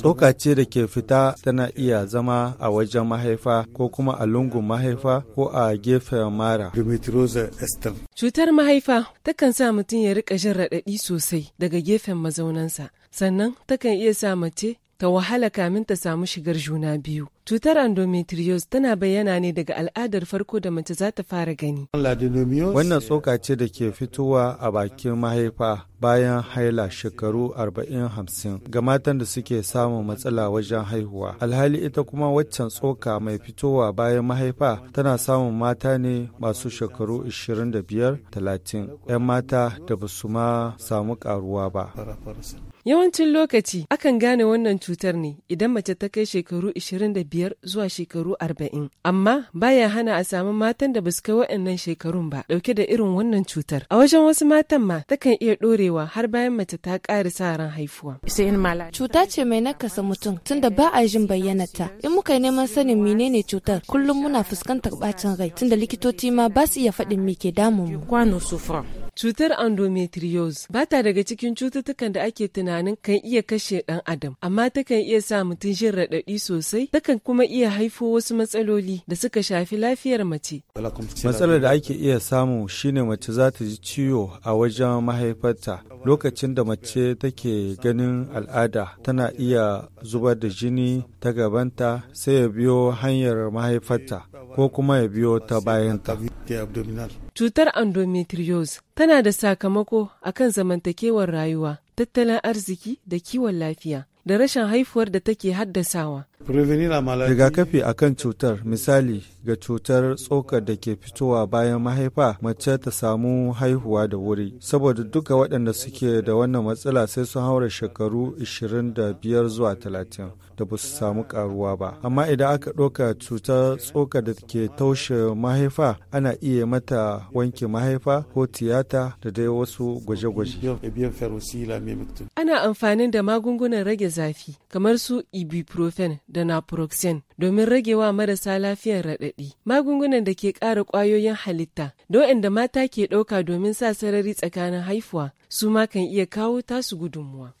Tsoka ce da ke fita tana iya zama a wajen mahaifa ko kuma a lungun mahaifa ko a gefen mara. Cutar mahaifa takan sa mutum ya rika jin raɗaɗi sosai daga gefen mazaunansa, sannan takan iya sa mace ta wahala kamin ta samu shigar juna biyu. Cutar endometriosis tana bayyana ne daga al'adar farko da mace za ta fara gani. Wannan tsoka ce da ke fitowa a bakin mahaifa bayan haila shekaru 40-50 ga matan da suke samun matsala wajen haihuwa. Alhali ita kuma waccan tsoka mai fitowa bayan mahaifa tana samun mata ne masu shekaru 25-30 'yan mata da ba su ma samu karuwa ba. Yawancin lokaci akan gane wannan cutar ne idan mace ta kai shekaru 25 biyar zuwa shekaru arba'in amma baya hana a samu matan da basu kai waɗannan shekarun ba ɗauke da irin wannan cutar a wajen wasu matan ma takan iya ɗorewa har bayan mace ta ƙara sa ran haifuwa cuta ce mai nakasa mutum tunda ba a jin bayyanata in muka yi neman sanin menene cutar kullum muna fuskantar bacin rai tunda likitoci ma ba su iya faɗin me ke damun mu Cutar endometriose ba ta daga cikin cututtukan da ake tunanin kan iya kashe ɗan adam, amma takan iya sa mutum jin raɗaɗi sosai, takan kuma iya haifo wasu matsaloli da suka shafi lafiyar mace. Matsalar da ake iya samu shine mace za ta ji ciwo a wajen mahaifarta lokacin da mace take ganin al'ada tana iya zubar da jini ta gabanta sai ya biyo hanyar mahaifarta ko kuma ya biyo ta bayanta. Cutar endometriosis tana da sakamako akan zamantakewar rayuwa, tattalin arziki da kiwon lafiya, da rashin haifuwar da take haddasawa. rigakafi kan cutar misali ga cutar tsokar da ke fitowa bayan mahaifa mace ta samu haihuwa da wuri saboda duka waɗanda suke da wannan matsala sai sun haura shekaru 25 zuwa 30 da ba su samu karuwa ba amma idan aka ɗauka cutar tsokar da ke taushe mahaifa ana iya mata wanke mahaifa ko tiyata da dai wasu gwaje-gwaje ana amfani da magungunan rage zafi kamar su ibuprofen da naproxen domin ragewa marasa lafiyar raɗaɗi magungunan da ke ƙara ƙwayoyin halitta da mata ke ɗauka domin sa sarari tsakanin haifuwa su ma kan iya kawo tasu gudunmuwa.